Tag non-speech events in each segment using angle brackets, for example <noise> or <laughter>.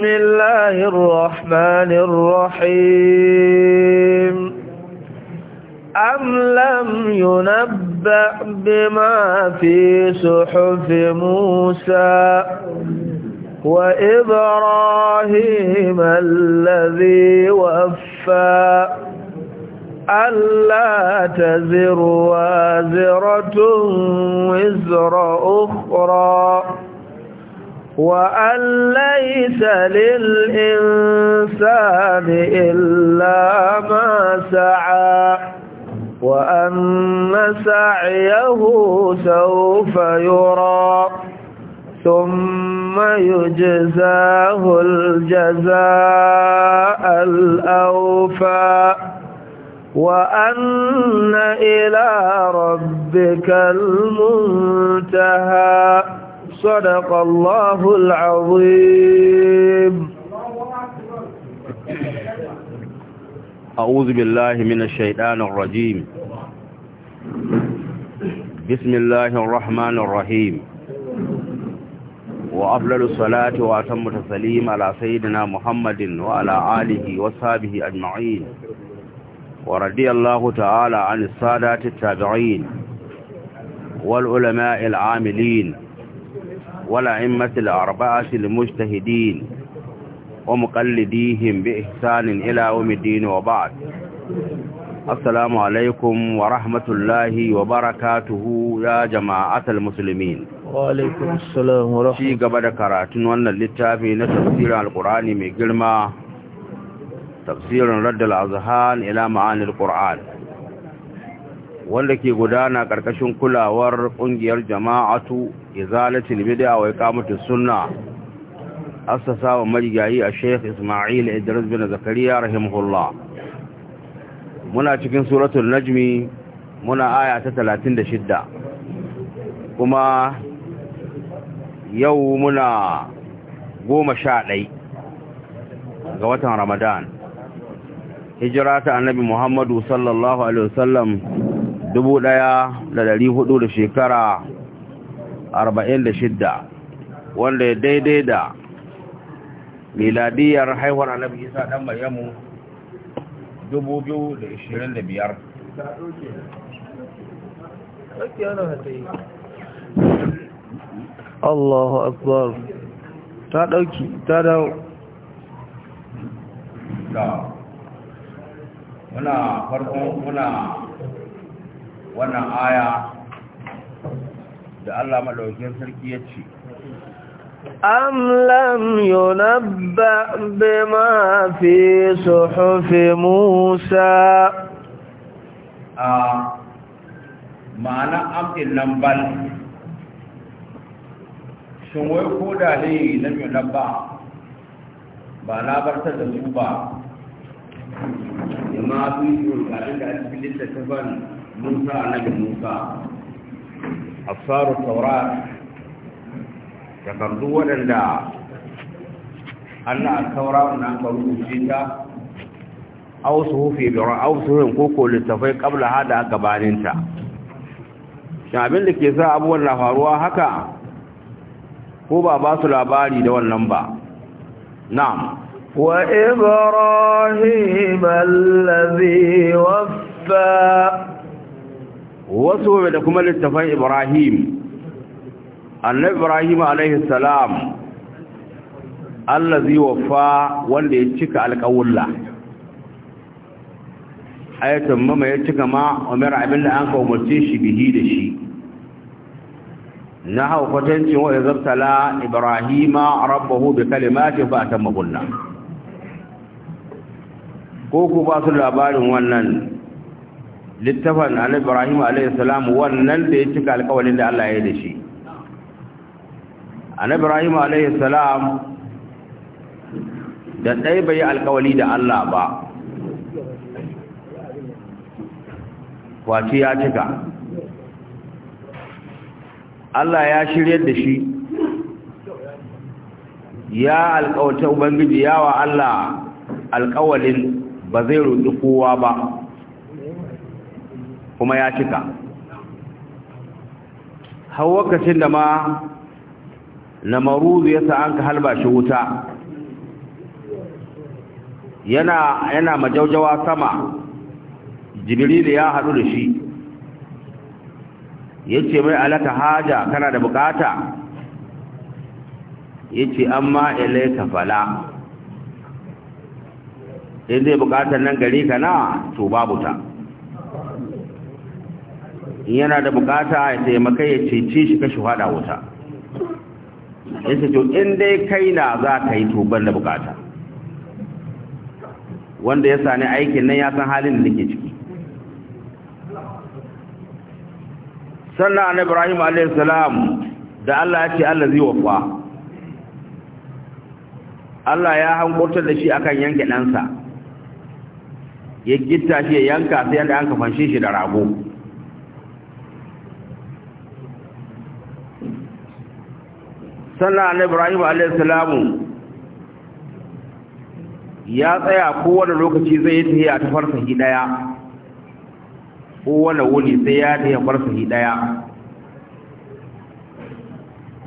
بسم الله الرحمن الرحيم أم لم ينبأ بما في صحف موسى وإبراهيم الذي وفى ألا تزر وازرة وزر أخرى وأن ليس للإنسان إلا ما سعى وأن سعيه سوف يرى ثم يجزاه الجزاء الأوفى وأن إلى ربك المنتهى صدق الله العظيم أعوذ بالله من الشيطان الرجيم بسم الله الرحمن الرحيم وأفضل الصلاة وأتم التسليم على سيدنا محمد وعلى آله وصحبه أجمعين ورضي الله تعالى عن السادات التابعين والعلماء العاملين والأئمة الأربعة المجتهدين ومقلديهم بإحسان إلى يوم الدين وبعد السلام عليكم ورحمة الله وبركاته يا جماعة المسلمين وعليكم السلام ورحمة الله قبل كراتن وأن للتافي نتفسير القرآن من قلمة تفسير رد الأذهان إلى معاني القرآن wanda ke gudana ƙarƙashin kulawar ƙungiyar jama'atu izalatul bid'a wa iqamatus sunna assasa wa marigayi a Sheikh Isma'il Idris bin Zakariya rahimahullah muna cikin suratul najmi muna aya ta 36 kuma yau muna goma sha ɗaya ga watan Ramadan hijira annabi Muhammadu sallallahu alaihi wasallam dubu ɗaya da dari hudu da shekara arba'in da shidda wanda ya daidai da miladiyar haihuwar annabi isa ɗan maryamu dubu biyu da ishirin da biyar Allahu akbar ta ɗauki ta dawo da muna farko muna wannan aya da Allah maɗaukiyar sarki ya ce am lam yunabba bima fi suhufi musa a ma'ana amdin nan bal sun wai ko da ne nan yunabba ba barta da su ba yamma fi suhufi musa da ake littattafa ne musa annabi musa asaru taurat takardu waɗanda Allah taura na aka rubuce ta aw suhufi bi ra'aw suhun koko littafai kabla hada gabaninta shin abin da ke sa abubuwan na faruwa haka ko ba ba su labari da wannan ba na'am wa ibrahim allazi waffa wasu da kuma littafan ibrahim annabi ibrahim alaihi salam allazi wafa wanda ya cika alƙawulla ayatun mama ya cika ma umar da an kawmace shi bihi da shi na haukatancin wa izabtala ibrahima rabbahu bi kalimati fa atammahunna ko ku ba su labarin wannan littafin annabi ibrahim alayhi salam wannan da ya cika alƙawarin da Allah ya yi da shi annabi ibrahim alayhi salam da dai bai alƙawari da Allah ba wace ya cika Allah ya shiryar da shi ya alƙawata ubangiji yawa Allah alƙawalin ba zai ruɗi kowa ba kuma ya cika har wakacin da ma na maruzu ya sa'an ka halba shi wuta yana yana majaujawa sama jibrilu ya haɗu da shi ya ce mai alaka haja kana da bukata ya ce amma ilaika fala in zai bukatar nan gari ka na to babu ta yana da bukata ya taimaka ya cece shi kashi hada wuta ya ce to in dai kai na za ka yi tuban da bukata wanda ya sani aikin nan ya san halin da nake ciki sannan an ibrahim salam da allah ya ce allah zai wafa allah ya hankurta da shi akan yanke ɗansa ya gitta shi ya yanka sai an an kafan shi da rago sannan ibrahim alaihissalamu ya tsaya kowane lokaci zai yi a ta farsahi daya kowane wuni sai ya tafiya farsahi daya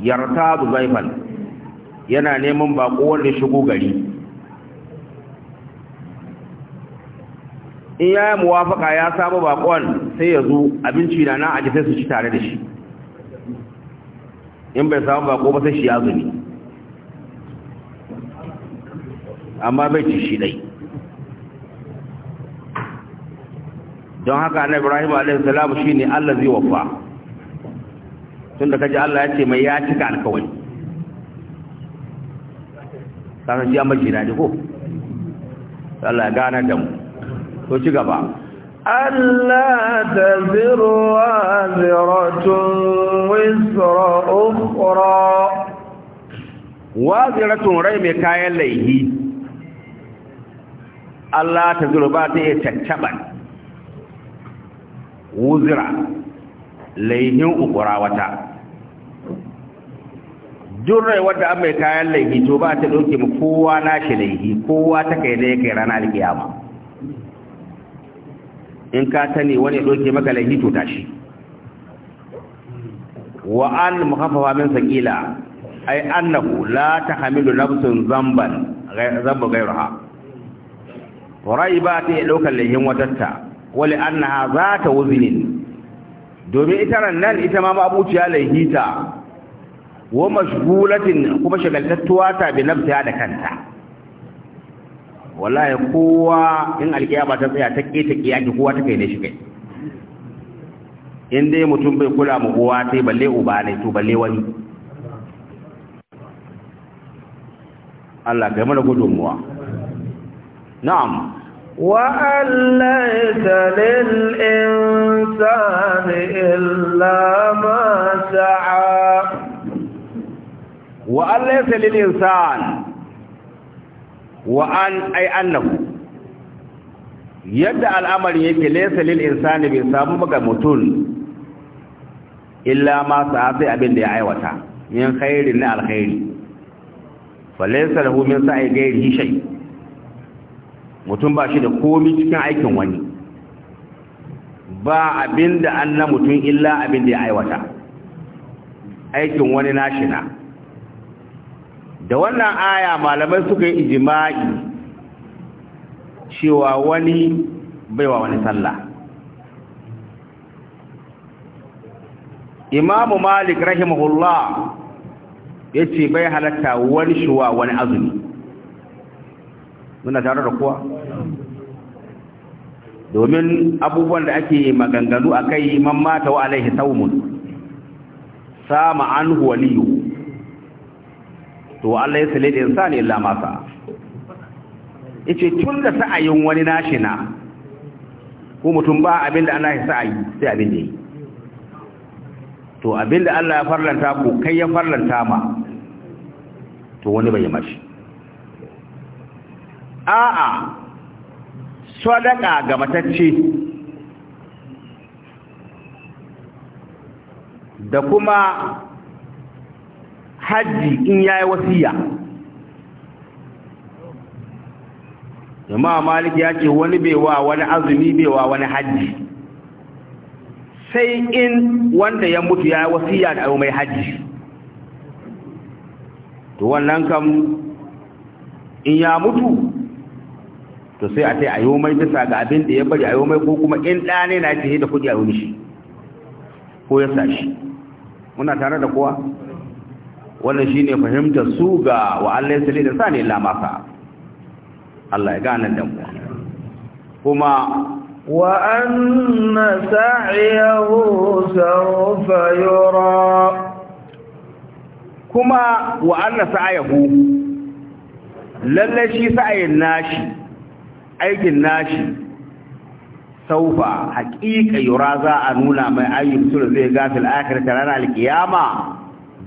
yarta bu zaifal yana neman bako wanda shigo gari in ya yi muwafaka ya samu bakon sai ya zo abinci na na a jisai su ci tare da shi in bai samu ko ba sai shi azumi amma bai ci shi dai don haka na ibrahim alaihi shi shine Allah zai wafa tunda kaji Allah ya ce mai ya cika alkawai kana ji amma jira ne ko Allah ya gana da mu to ci gaba ألا tun rai وزر أخرى وازرة ريم ta ليه ألا ta باتي تتبع وزر ليه أخرى وتا durrai rai an mai kayan laifi to ba ta ɗauke mu kowa na laifi kowa ta kai kai ranar alkiyama in ka ta ne wani ya maka laifi to tashi wa an muhafafa min sakila ai annahu la tahmilu nafsun zamban zamba ghayraha raiba ta ya ɗaukar laifin watatta wali annaha za ta wuzinin domin ita ran nan ita ma mabuciya ta. wa mashgulatin kuma shagaltattuwa ta bi nafsiya da kanta wallahi kowa in ba ta tsaya ta ke ta ke yaki kowa ta kai ne shi kai in dai mutum bai kula mu kowa sai balle uba ne to balle wani Allah kai mana gudunmuwa na'am lil insani illa ma sa'a wa allaita lil insani wa an ai annahu yadda al'amari yake laysa lil insani bi samu ga mutun illa ma sa'a abin da ya aiwata min khairin na alkhairi fa laysa lahu min sa'i ghairi shay mutun ba shi da komai cikin aikin wani ba abinda da an mutum illa abin da ya aiwata aikin wani nashi na da wannan aya malamai suka yi ijima'i cewa wani baiwa wani sallah imamu malik rahimahullah ya ce bai halatta wani shuwa wani azumi muna tare da kuwa domin abubuwan da ake maganganu a kai mamata wa alaihi saumun sama an liyu to Allah ya sale da insani illa ma sa yace tun da sa'ayin wani nashi na ko mutum ba abin da Allah ya sa'ayi sai abin da yi to abin da Allah ya farlanta ku kai ya farlanta ma to wani bai mashi a'a sadaka ga matacce da kuma hajji in ya yi wasiya jama'a malik ya ce wani bewa wani azumi bewa wani hajji sai in wanda ya mutu ya yi wasiya da mai hajji to wannan kam in ya mutu to sai a tai a yi mai bisa ga abin da ya bari a mai ko kuma in ɗane na ce da kuɗi a yi shi ko ya sa shi muna tare da kowa wannan ne fahimtar su ga wa Allah da sa ne masa Allah ya gane da mu kuma wa anna sa'yahu sawfa yura kuma wa anna lallai shi sa'ayin nashi aikin nashi saufa haƙiƙa yura za a nuna mai ayyukan zai gafil akhirata ranar kiyama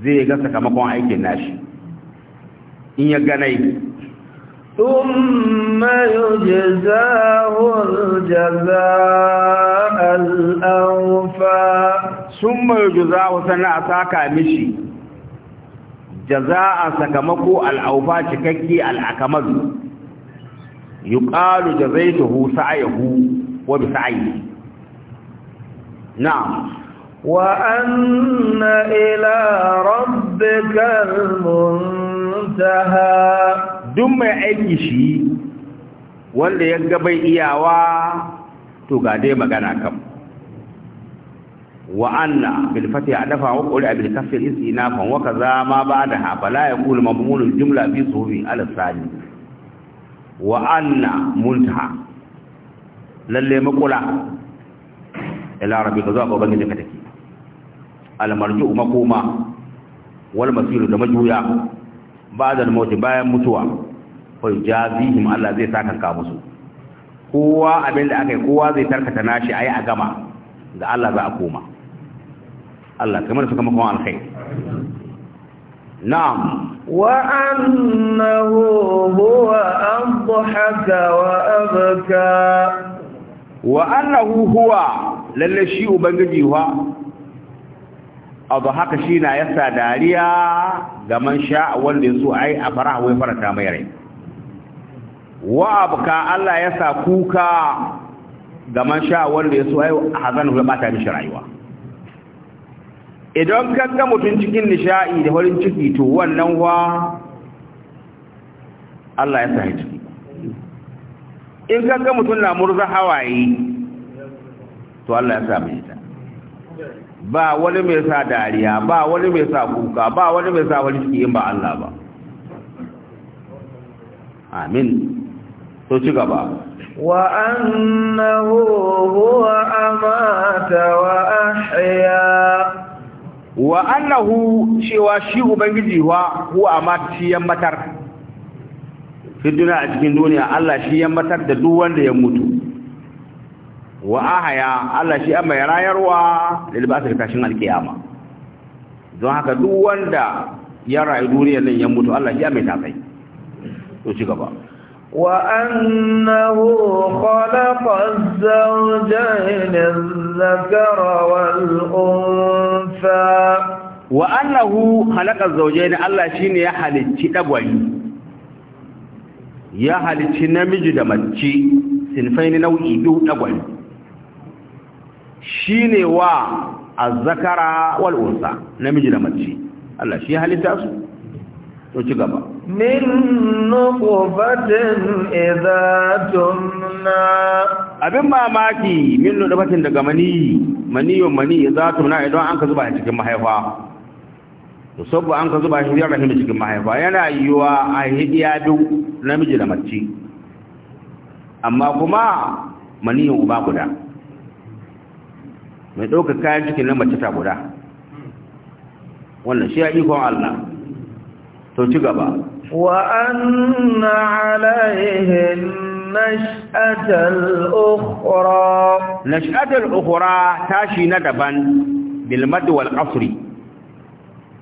zai ga sakamakon aikin nashi in ya ganai ثم يجزاه الجزاء الأوفى ثم يجزاه سنة ساكا مشي جزاء سكمكو الأوفى شككي الأكمز يقال جزيته سعيه وبسعيه نعم وأن إلى ربك المنتهى دم أي شيء wanda ya gaba iyawa to ga magana kam wa anna bil fati adafa wa qul bil kasr istinafan wa kaza ma ba'daha fala yaqul mamnun jumla fi suhufi al sani wa anna muntaha lalle makula ila rabbika zuwa ga ubangiji ka almarju makoma wal masiru da majuya ba'da al-maut bayan mutuwa fa yajazihim Allah zai saka ka musu kowa abinda akai kowa zai tarkata nashi ayi a gama ga Allah za a koma Allah kamar su kama kuma alkhair na'am وأنه هو أضحك وأبكى وأنه shi للشيء wa. abu haka shi na yasa dariya ga man sha wanda ya so a yi a fara wai faranta mai rai wa abu ka Allah ya sa kuka ga man sha wanda ya so a yi a hazan ya bata mishi rayuwa idan ka ga mutum cikin nishaɗi da farin ciki to wannan wa Allah ya sa ciki in ka ga mutum na murza hawaye to Allah ya sa mai ita ba wani mai sa dariya ba wani mai sa kuka ba wani mai sa wani ciki in ba Allah ba amin to ci gaba wa annahu huwa amata wa ahya wa annahu cewa shi ubangiji wa huwa amata shi yan matar fi duniya a cikin duniya Allah shi yan matar da duk wanda ya mutu wa ahaya Allah shi amma ya rayarwa lilbasir kashin alkiyama don haka duk wanda ya rayu duniyar nan ya mutu Allah shi amma ya to ci gaba wa annahu khalaqa az-zawjayn az-zakara wal-untha wa annahu khalaqa az-zawjayn Allah shine ya halicci dagwayi ya halicci namiji da mace sinfaini nau'i duk dagwayi Shi ne wa a wal wal’unsa namiji da mace Allah shi halitta su to ci gaba min nuqfatin idza tumna abin mamaki min nuqfatin daga mani maniyo mani ya za tumna idan an ka zuba shi cikin mahaifa da saboda an ka zuba shi ya rahimi cikin mahaifa yana yiwuwa a hidiya biyu namiji da mace amma kuma maniyin uba guda mai ɗauka kayan cikin na mace ta guda wannan shi ya ikon Allah to ci gaba wa anna alaihin nash'atal ukhra nash'atal ukhra tashi na daban bil wal asri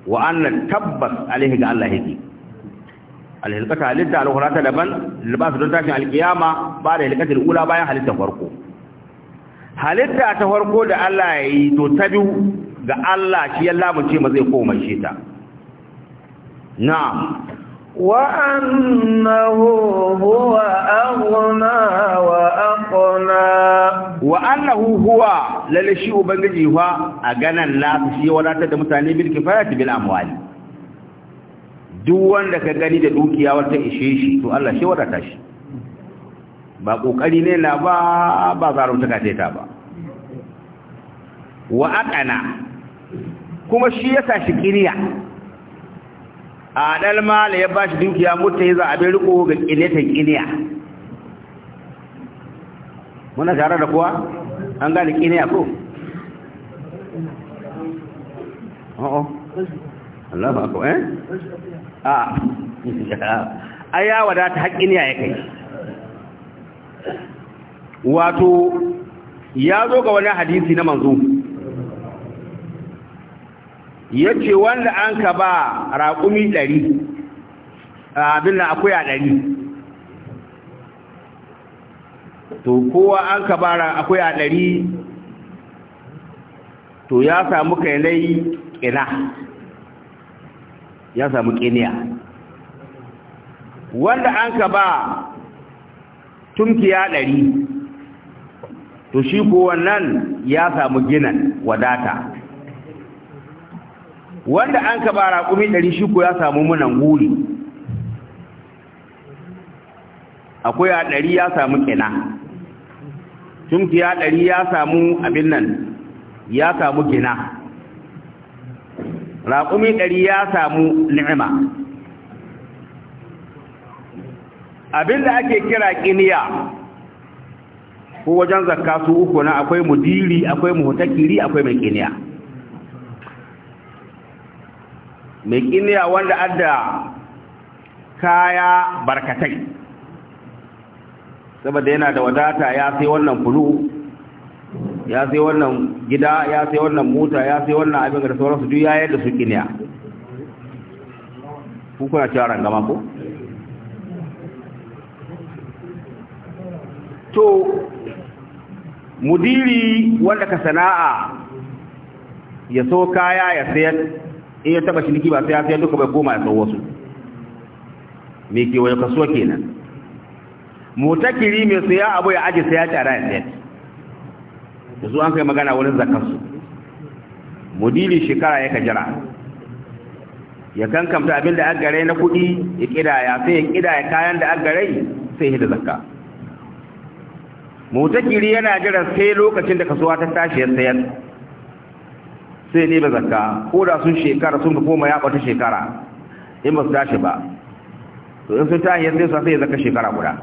wa anna tabbas alaihi ga Allah yake alhilqata halitta al ta daban libas don tashin al-qiyama ba da hilqatil ula bayan halitta farko halitta ta farko da Allah ya yi to ta biyu ga Allah shi ya lamunce ma zai koma shi ta na'am wa annahu huwa aghna wa aqna wa annahu huwa lalle shi ubangiji fa a ganan na shi wadatar da mutane bil kifayati bil amwali duk wanda ka gani da dukiya wata ishe shi to Allah shi wadata shi ba kokari ne na ba ba ta kace ta ba wa aqana kuma shi ya sashi kiriya a dalma la ya bashi dukiya za a abin riko ga kinatan kiriya muna tare da kuwa an gane kiriya ko oh, oh. Allah ba ko eh ah. <laughs> a ayawa wadata ta ya kai wato ya zo ga wani hadisi na manzo ya ce wanda an ka ba raƙumi ɗari abin da akwai a ɗari to kowa an ka ba akwai a ɗari to ya samu kainai ƙina ya samu ƙiniya wanda an ka ba ya ɗari to shi ko wannan ya samu ginan wadata wanda an ka ba raƙumi ɗari shi ko ya samu munan guri akwai a ɗari ya samu ƙina ya ɗari ya samu abin nan ya samu gina raƙumi ɗari ya samu ni'ima abinda ake kira kiniya ko wajen zakka su uku na akwai mudiri akwai muhtakiri akwai mai kiniya mai kiniya wanda adda kaya barkatai saboda yana da wadata ya sai wannan kulu ya sai wannan gida ya sai wannan mota ya sai wannan abin da sauransu duk ya yadda su kiniya kuna cewa rangama ko to mudiri wanda ka sana'a ya so kaya ya sayar in ya taba ciniki ba sai ya sayar duka bai koma ya sau wasu me ke wani kasuwa kenan motakiri mai saya abu ya aji saya ya tsara ya sayar da su an kai magana wurin zakarsu mudiri shekara ya kajara ya kankamta abin da aggare na kuɗi ya ƙidaya sai ya ƙidaya kayan da aggare sai ya hida zakka mutakiri yana jiran sai lokacin da kasuwa ta tashi ya sayar sai ne ba zakka ko da sun shekara sun ga koma ya bata shekara in ba su tashi ba to in sun tashi sai su sai zakka shekara guda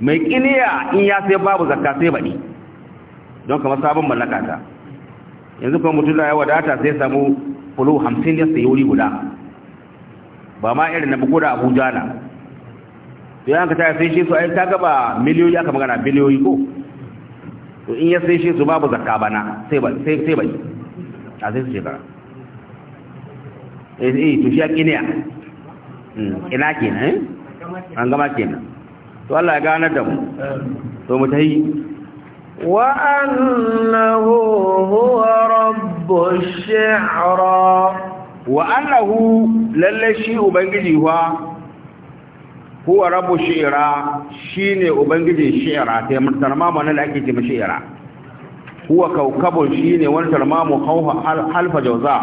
mai kiniya in ya sai babu zakka sai baɗi don kamar sabon mallaka ta yanzu kuma mutum da ya wadata sai samu fulo hamsin ya sayi wuri guda ba ma irin na bukuda abuja na to yanka ta sai shi su ai ta gaba miliyoyi aka magana biliyoyi ko to in ya sai shi su babu zakka bana sai ba sai sai bai a sai su shekara eh eh to shi akiniya hmm, ina kenan eh? an gama kenan to Allah ya ganar da mu to mu tai wa annahu huwa rabbush shi'ra wa annahu lalle shi ubangiji wa huwa rabu shi'ira shine ubangijin shi'ira sai mun tarmamu nan da ake ce shi'ira huwa kaukabun shine wani tarmamu haufa halfa jauza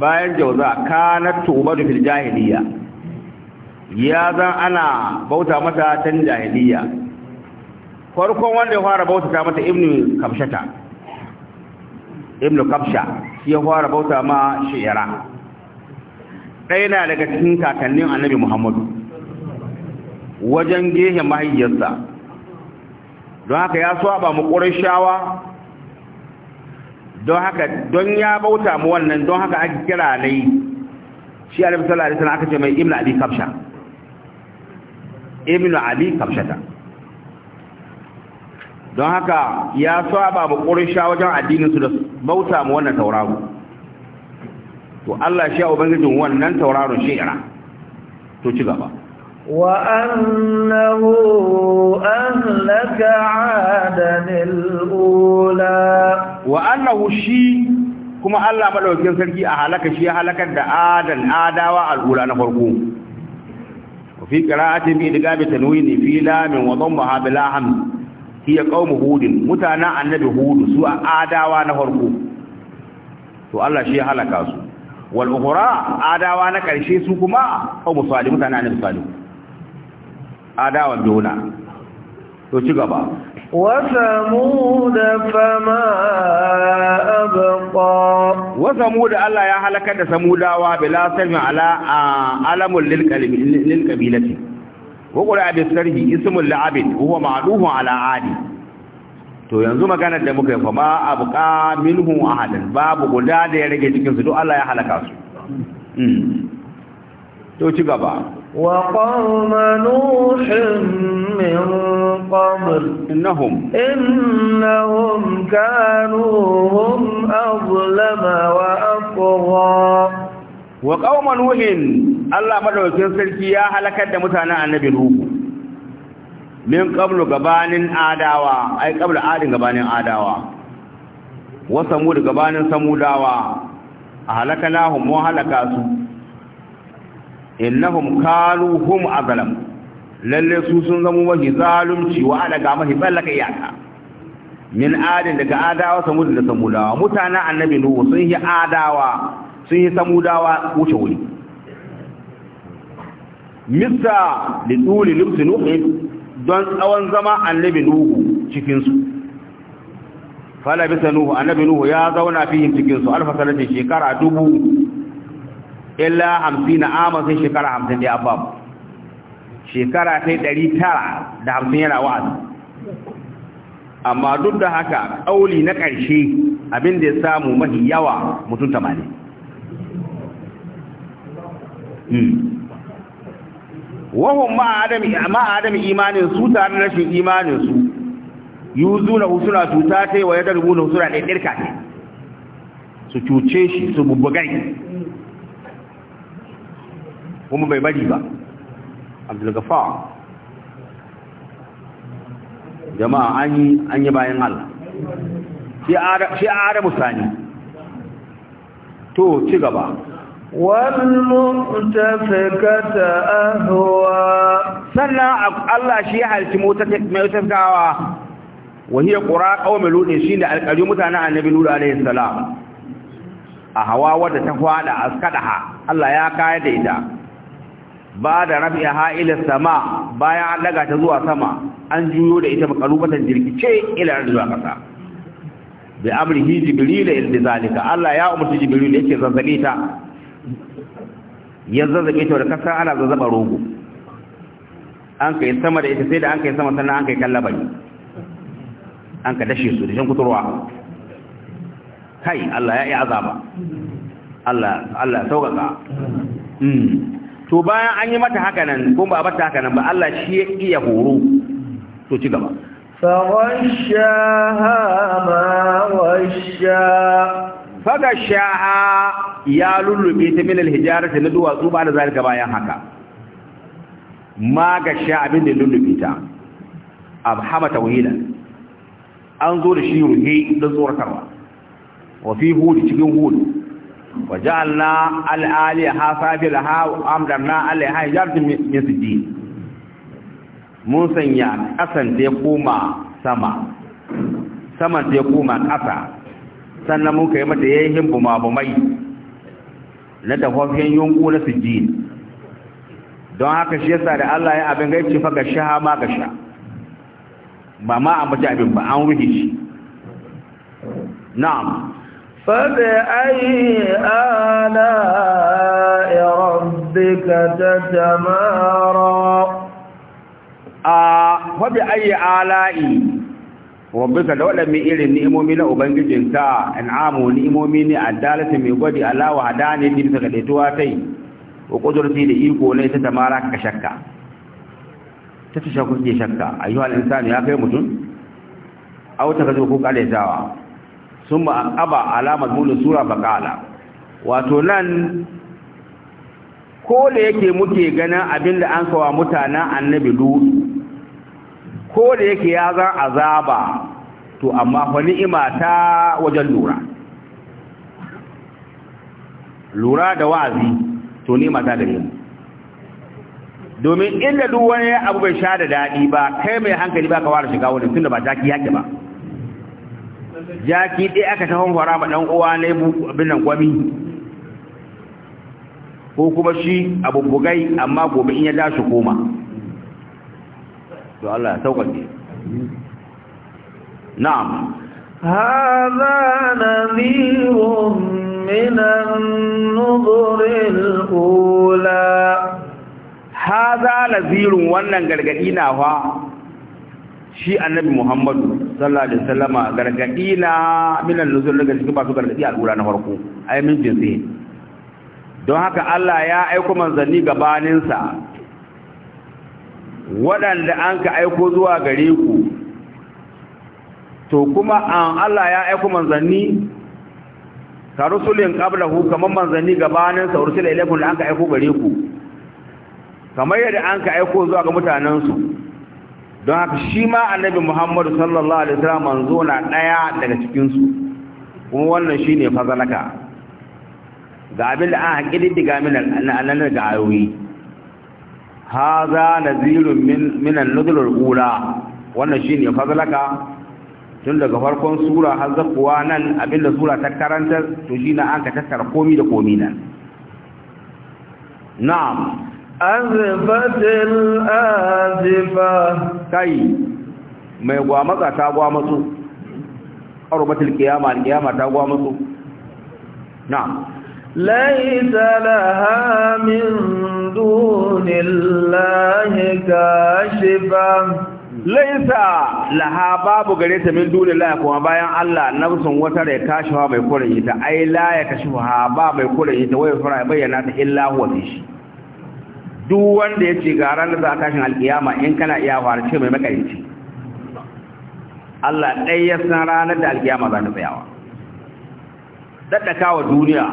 bayan jauza kanat tubadu fil jahiliya ya zan ana bauta mata tan jahiliya farkon wanda ya fara bauta ta mata ibnu kabshata ibnu kabsha shi ya fara bauta ma shi'ira ɗaya na daga cikin kakannin annabi muhammadu wajen gehe mahaiyarsa don haka ya saba mu shawa don haka don ya bauta mu wannan don haka aka kira yi shi alif sallallahu alaihi wasallam aka ce mai ibnu Ali kafsha ibnu abi kafshata don haka ya saba mu shawa wajen addinin su da bauta mu wannan tauraro to Allah shi ya ubangijin wannan tauraron ira to ci gaba وأنه أهلك عادا الأولى وأنه شيء كما الله ملوكين سلكي أهلك شيء أهلك عادا عادا والأولى نفرقه وفي قراءة بإدقاب تنوين في لام وضمها بلا هم هي قوم هود متانا النبي هود سوى عادا ونفرقه فالله شيء أهلك أسوه والأخرى عادا ونكر شيء سوكما أو مصالح متانا النبي صالح adawa dona to ci gaba وثمود فما أبقى وثمود الله يا هلكة ثمود وبلا سمع lil ألم للقبيلة وقل أبي السره اسم اللعب وهو معلوف على عادي to yanzu maganar da muka yi fa ma abqa minhu ahadan babu guda da ya rage cikin su duk Allah ya halaka su hmm. to ci gaba وقوم نوح من قبل إنهم إنهم كانوا هم أظلم وأطغى وقوم نوح الله مدعو كنسل كياها لكد متانا النبي نوح من قبل قبان آداوا أي قبل آد قبان آداوا وصمود قبان ثموداوا أهلكناهم وهلكا innahum kalu hum azlam lalle su sun zama mahi zalunci wa ana ga mahi ballaka iyaka min adin daga adawa samud da samudawa mutanen annabi nuhu sun yi adawa sun yi samudawa wuce wuri mista da tsuli limsu nuhu don tsawon zama annabi nuhu cikinsu fala bisa nuhu annabi nuhu ya zauna fihim cikinsu alfa sanatin shekara dubu illa hamsin amma sai shekara hamsin da abab shekara sai ɗari tara da hamsin yana wa'azi amma duk da haka ƙauli na ƙarshe abin da ya samu mahi yawa mutum tamanin hmm. wahun ma'adam imanin su tare da rashin imanin su yuzu na husuna cuta ta yi wa yadda rubu na husuna ɗaiɗirka ne su cuce shi su bubbugai kuma bai bari ba abdulgafar jama'a an yi bayan Allah shi a arabu sani to ci gaba wannan tafikata ahuwa sannan Allah shi halci mai tafikawa wani ya kura kawai lude shi da alkali mutane annabi lura da yin a hawa wadda ta faɗa a Allah ya kayar da ita ba da rafi a ha'ilar sama bayan an daga ta zuwa sama an juyo da ita makarubatan jirgice ila zuwa ƙasa bi amrihi jibril da zalika Allah ya umarci jibril yake zazzabe ta ya zazzabe ta da kasa ana zazzaba rogo an kai sama da ita sai da an kai sama sannan an kai kallaba an ka dashe su da shan kuturwa kai Allah ya yi azaba Allah ya sauƙaƙa mm to bayan an yi mata haka nan ko ba mata haka nan ba Allah shi ya iya horo to ci gaba فغشاها Fa ga فغشاها ya lullube ta min alhijarati na duwatsu ba da zalika bayan haka ma ga sha abin da lullube ta abhama tawhidan an zo da shi ruhi da tsoratarwa wa fi hud cikin hud وجعلنا الآلهة سافلها وأمرنا عليها حجارة su سجيل mun sanya ƙasan ta ya koma sama saman ta ya koma ƙasa sannan mun kai mata yayin bumabumai na tafafin yunku na sujjini don haka shi yasa da Allah ya abin gaici fa ga sha ma ga sha ba ma a mace abin ba an rufe shi na'am فبأي آلاء ربك تتمارى فبأي آلاء ربك دولة مئر النئمومي لأبنججنك انعام نئمومي الدالة ميقودي الله وعداني تلسك لتواتي وقدرتي لإيكو ليس تمارك كشكا تتشكك شكا أيها الإنسان يا كيمتون أو تكذبك عليه ساوى sun ma'aba alamar mulin sura bakala wato nan ko da yake muke ganin abin da an kawa mutanen annabi lutu ko da yake ya zan azaba to amma fa ni'ima ta wajen lura lura da wa'azi to ni'ima ta gare mu domin inda duk wani abu bai sha da daɗi ba kai mai hankali ba ka wara shiga wani tunda ba taki yake ba jaki ɗaya aka tahon fara ma ɗan na ne abin nan gwami ko kuma shi abu bugai amma gobe in ya dashi koma to Allah ya sauƙaƙe na'am هذا نذير من na الأولى wannan نذير na قرقدينا shi annabi muhammadu sallallahu alaihi wasallam gargadi na min al-nuzul daga cikin ba su gargadi al'ura na farko ai min jinsi don haka Allah ya aiko manzanni gabanin sa waɗanda an ka aiko zuwa gare ku to kuma an Allah ya aiko manzanni ka rusulin qablahu kaman manzanni gabanin sa rusul ilaikum an ka aiko gare ku kamar yadda an ka aiko zuwa ga mutanen su don haka shi ma annabi muhammadu sallallahu alaihi wasallam manzo na daya daga cikin su kuma wannan shine fazalaka ga abin da aka kididdiga min nan ga ayoyi haza nazirun min min an-nuzulul ula wannan shine fazalaka tun daga farkon sura har zakuwa nan abinda sura ta karanta to shine an ka tattara komi da komi nan na'am azifatil azifa kai mai gwamaka ta gwamasu arbatil kiyama kiyama ta gwamasu na laisa laha min dunillahi kashifa laisa laha babu gare ta min dunillahi kuma bayan Allah nafsun wata da kashifa mai kore ita ai la ya kashifa ba mai kore ita wai fara bayyana ta illa huwa shi duk wanda ya ce ga ranar za a tashin alkiyama in kana iya fara ce mai makarinci Allah ɗai ya san ranar da alkiyama za ta tsayawa daddaka wa duniya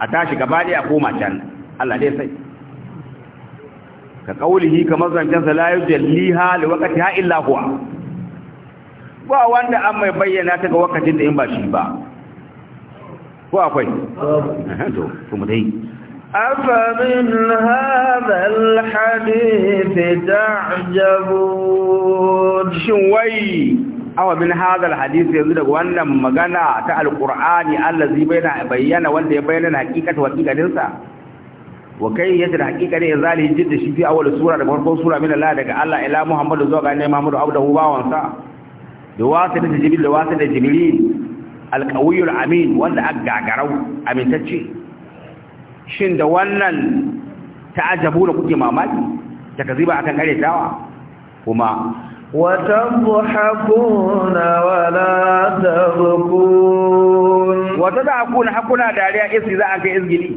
a tashi gaba ɗaya koma can Allah ɗai sai ka kaulihi kamar zancensa la da wakati ha illa kuwa ba wanda an mai bayyana ta ga wakacin da in ba shi ba ko akwai <laughs> to kuma dai أفمن هذا الحديث تعجبون شوي awa min hadal hadisi yanzu daga wannan magana ta alqur'ani allazi baina bayyana wanda ya bayyana hakikatu hakikatin sa wa kai hakika ne zali jidda shi fi awwal sura daga farkon sura min Allah daga Allah ila Muhammad zuwa ga ne Muhammad abdahu bawan da wasita jibril da wasita amintacce shin da wannan ta'ajabu da kuke mamaki da kaziba akan gare tawa kuma watadhahakuna wala tabkun watadhahakuna hakuna dariya isi za a kai isgili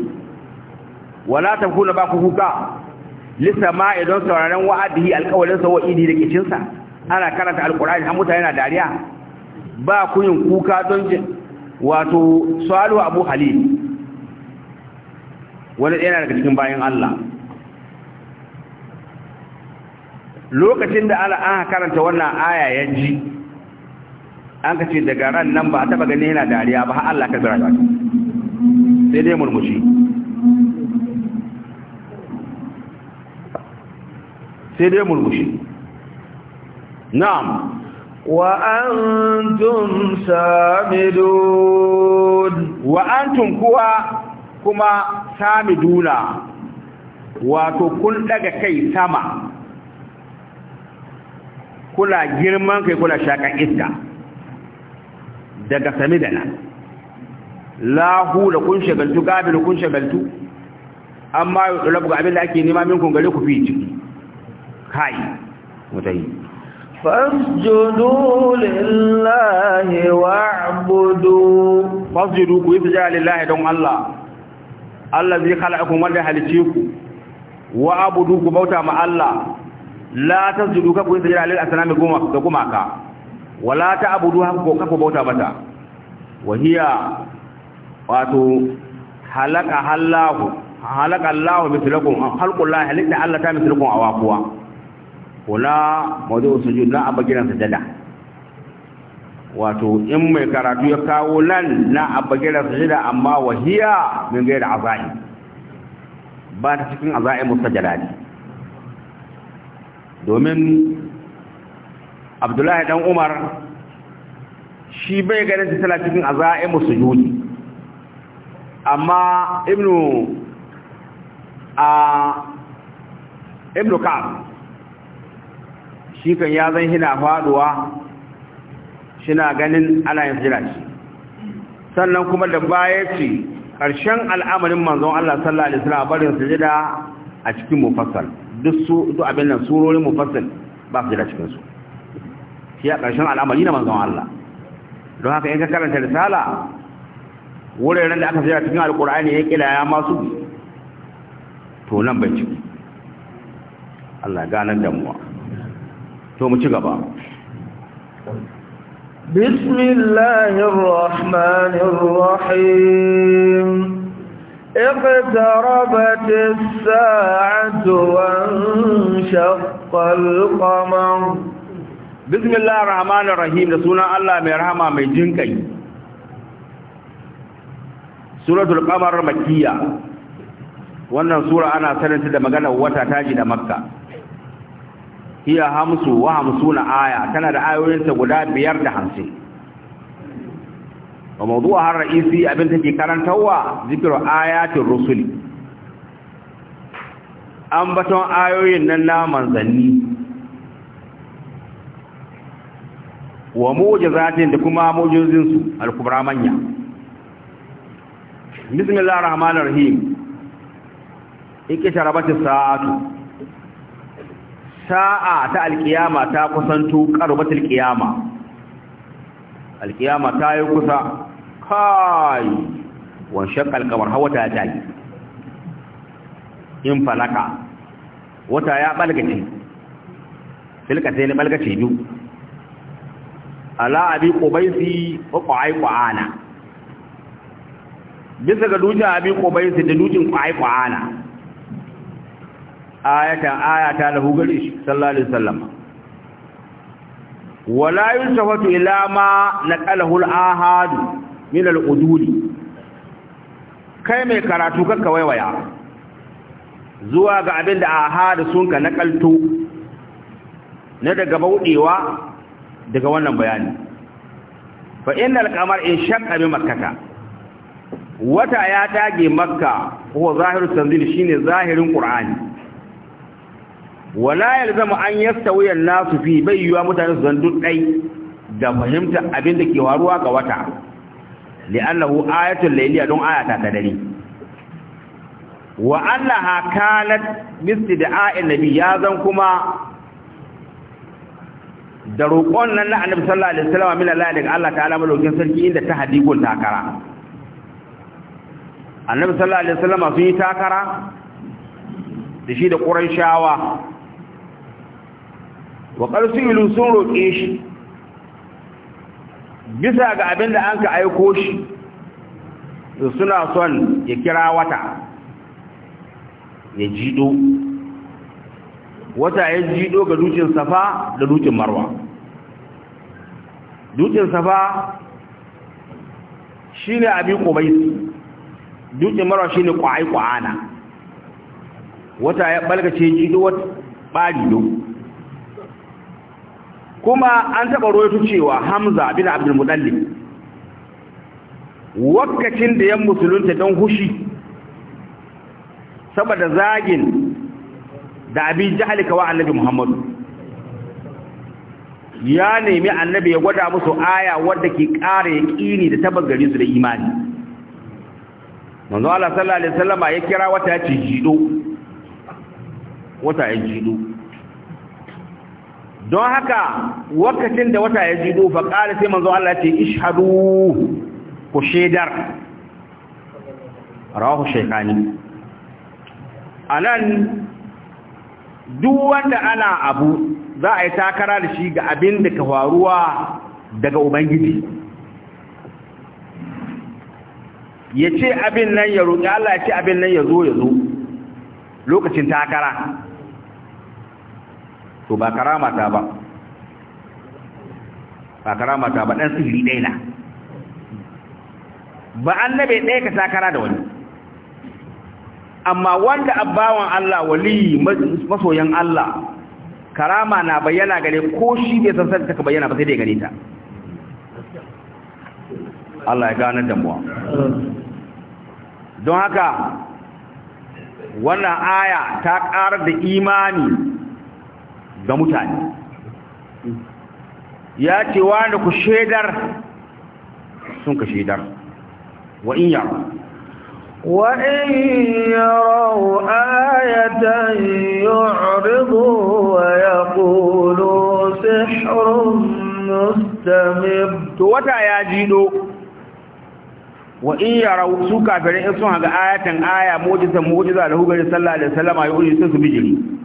wala tabkuna ba ku huka lisama'i don sauraron wa'adihi alƙawarin sa wa'idi da kicin sa ana karanta alqur'ani an mutane na dariya ba ku yin kuka don wato salu abu halil wani ɗaya daga cikin bayan Allah lokacin da aka karanta wannan aya ya ji an ka ce daga ran nan ba a taba gani yana dariya ba har Allah ka zira ta sai dai murmushi sai dai murmushi na'am Wa'antun samidun Wa'antun kuwa? kuma sami duna wato kun daga kai sama kula girman kai kula shakan iska daga sami da nan lahu da kun shagaltu gabi da kun shagaltu amma yi ɗulabu ga abin da ake nema minkun gare ku fi ciki kai yi, fasjudu lillahi wa'budu fasjudu ku yi fi lillahi don Allah Allah zai khalaqakum wanda halice ku wa abudu ku bauta ma Allah la tasjudu ka ku sajda lil asnami kuma da kuma ka wala ta'budu ha ku ka ku bauta mata wa hiya wato halaka hallahu halaka Allah mithlakum khalqu Allah halitta Allah ta mithlakum awaquwa wala mawdu sujud la abagiran sajada wato in mai karatu ya kawo lan na su shida, amma wahiya min gaira azai ba ta cikin azai mustajada ne domin abdullahi dan umar shi bai ganin ta tana cikin azai musujudi amma ibnu a ibnu ka shi kan ya zan hina faduwa suna ganin ana yin jira shi sannan kuma da baya ce ƙarshen al'amarin manzon Allah sallallahu alaihi wasallam barin sujada a cikin mufassal duk su duk abin nan surorin mufassal ba su da cikin su shi a ƙarshen al'amari na manzon Allah don haka in ka karanta risala wuraren da aka jira cikin alkur'ani ya kila ya masu to nan bai ciki Allah ganar damuwa to mu ci gaba بسم الله الرحمن الرحيم اقتربت الساعة وانشق القمر بسم الله الرحمن الرحيم سنة الله من رحمة من جنكي سورة القمر مكية وانا سورة انا سنة دمجانا maganar تاجي دمكة da hiya hamsu wa hamsuna aya tana da ayoyinta guda biyar da hamsin wa mawdu'a har ra'isi abin take karantawa zikiru ayatul rusuli ambaton ayoyin nan na manzanni wa mu'jizatin da kuma mu'jizin su al-kubra manya bismillahir rahmanir rahim ikitarabatis sa'atu sa'a ta alkiyama ta kusanto qarbat alkiyama alkiyama ta yi kusa kai wan shaqqa alqamar hawa ta yi. in falaka wata ya balgace tilka sai ne balgace ju ala abi qubaisi wa qai bisa ga dutsen abi qubaisi da dutsen qai qaana ayatan ayata lahu gare shi sallallahu alaihi wasallam wala yusafatu ila ma naqalahu al-ahad min al udud kai mai karatu kanka waiwaya zuwa ga abin da ahad sun ka nakalto na daga baudewa daga wannan bayani fa innal qamar in shaqqa bi makkah wata ya tage makka ko zahirul tanzil shine zahirin qur'ani wala zama an yasta wuyan nasu fi bai yiwa mutane su zan duk dai da fahimta abin da ke waruwa ga wata li'annahu ayatul layliya don ayata ta dare wa annaha kanat mistida'in nabi ya zan kuma da roƙon nan na annabi sallallahu alaihi wasallam min Allah daga Allah ta'ala malaukin sarki inda ta hadiqul takara annabi sallallahu alaihi wasallam sun yi takara da shi da ƙurayshawa wa ƙarsu sun roƙe shi bisa ga abin da an ka aiko shi suna son ya kira wata ya jido wata ya jido ga dukin safa da dukin marwa dukin safa shi ne abin ƙubaisi dukin marwa shi ne ƙwa'ai ƙwa'ana wata ya ɓalgace jido wata ɓari don kuma an taɓa roitu cewa hamza bin Abdul abdulmudallin wakacin da yan musulunta don hushi saboda zagin da abin jihali kawa annabi muhammadu ya nemi annabi ya gwada musu aya wadda ke ƙara ya ƙini da gari su da imani manzo Allah sallallahu alaihi wasallama ya kira wata ya ce jido wata ya jido don haka wakacin da wata ya jido fa ƙara sai manzo Allah ce ishadu ku shaidar rahu shaykani anan duk wanda ana abu za a yi takara da shi ga abin da ka faruwa daga ubangiji ya ce abin nan ya roƙi Allah ya ce abin nan ya zo ya zo lokacin takara to ba ta ba ba ta ba ɗan sihiri ɗaya na ba annabi dai ka takara da wani amma wanda abbawan Allah wali masoyan Allah karama na bayyana gare ko shi bai san sai ta bayyana ba sai dai gare ta Allah ya gane damuwa don haka wannan aya ta ƙara da imani ga mutane ya ce wani ku shaidar sun ka shaidar wa in yara wa in yarau ayatan yu'ridu wa yaqulu sihrun mustamir to wata ya jido wa in yarau su kafirai sun haga ayatan aya mu'jiza mu'jiza da hugari sallallahu alaihi wasallam ayu sun su bijiri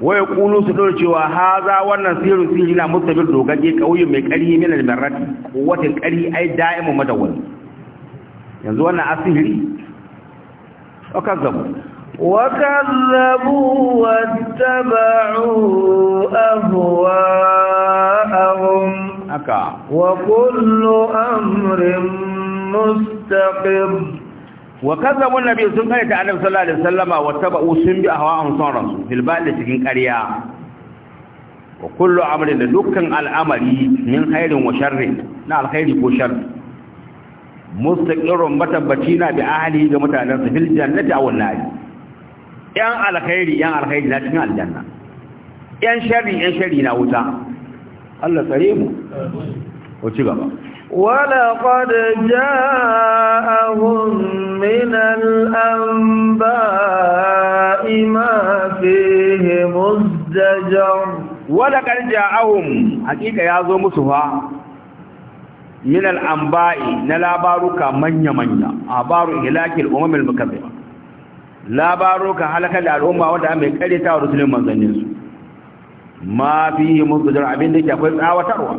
waya kulu su dole cewa haza wannan sirrin sirri na mustabil dogage kauye mai kari min al-marrati kuwatin kari ai da'imu madawwal yanzu wannan asiri wa kazzabu wa kazzabu wattaba'u ahwa'ahum aka wa kullu amrin mustaqim wa kazzabu nabi sun kai ta annabi sallallahu alaihi wasallama wa tabu sun bi ahwa'an sun rasu fil bali cikin ƙarya wa kullu amrin da dukkan al'amari min khairin wa sharrin na alkhairi ko sharri mustaqirrun matabbaci na bi ahli da mutanen su fil jannati aw nari yan alkhairi yan alkhairi na cikin aljanna yan sharri yan sharri na wuta Allah tsare mu ko ci gaba ولقد جاءهم من الأنباء ما فيه مزدجر ولقد جاءهم حقيقة يازو مصفى من الأنباء نلابارك من يمن أبار إلاك الأمم المكذبة labaruka halakar da al'umma wanda mai karyata wa rusulun manzanninsu ma fi yi abin da ke akwai tsawatarwa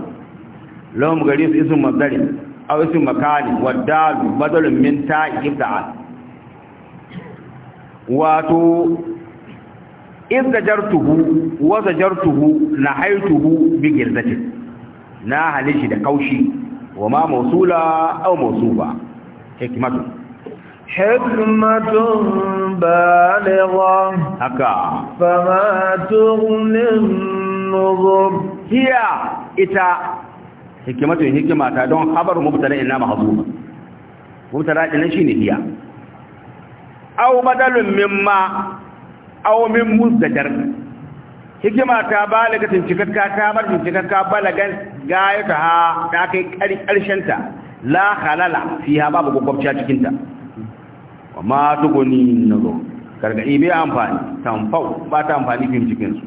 lawan gari su isin mazari a isin makani wadda bazarin minta ikifta an wato izgajartuhu wazajartuhu na haituhu bigir zaki na halishi da kaushi wa ma mausula au mausuba hikmatu hikmatun baliwa haka fama turunin nuzur hiya ita hikimatu hikima ta don khabar mubtada inna mahzuma mubtada din shine hiya aw badalun mimma aw min muzdajar hikima ta balagatin cikakka ta bar cikakka balagan gayata ha ta kai karshen ta la halala fiha babu gobobciya cikin ta amma tuguni nazo gargadi bai amfani tamfau ba ta amfani cikin su